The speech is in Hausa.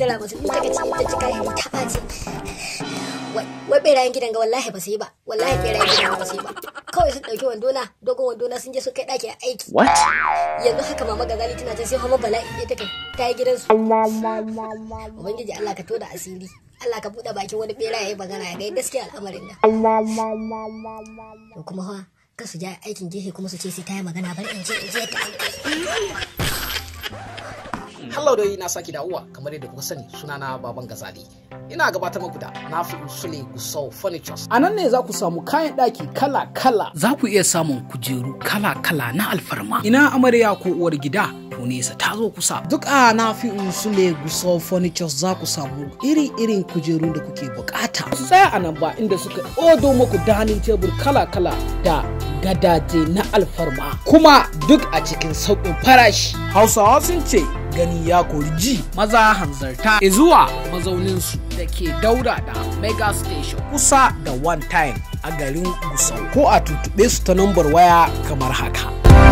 kaddara ba su in ta gaci ta cika hiri ta ɓaci wai berayen gidan ga wallahi ba kawai sun ɗauki wandona dogon wandona sun je su kai ɗaki a aiki yanzu haka mama ga tana ta sai hama bala'i ne ta ta yi gidansu ubangiji Allah ka toda asiri Allah ka buɗe bakin wani bera ya yi magana ya gai gaskiya al'amarin nan kuma ha kasu ja aikin gehe kuma su ce sai ta yi magana bari in je in je ta aiki Hello na saki da uwa kamar yadda kuka sani suna na Baban Gazali. Ina gabatar muku da fi Usule Gusau Furnitures. A nan ne za ku samu kayan ɗaki kala-kala. Za ku iya samun kujeru kala-kala na alfarma. Ina amarya ko uwar gida ko nesa ta zo kusa. Duk a Nafi Usule Gusau Furnitures za ku samu iri-irin kujeru da kuke bukata. Su tsaya a nan ba inda suka odo maku dining tebur kala-kala da gadaje na alfarma. Kuma duk a cikin sauƙin farashi. Hausawa sun ce gani ya kori ji maza hanzarta zuwa mazauninsu da ke daura da mega station kusa da one time a garin gusau ko a tutube su ta nambar waya kamar haka.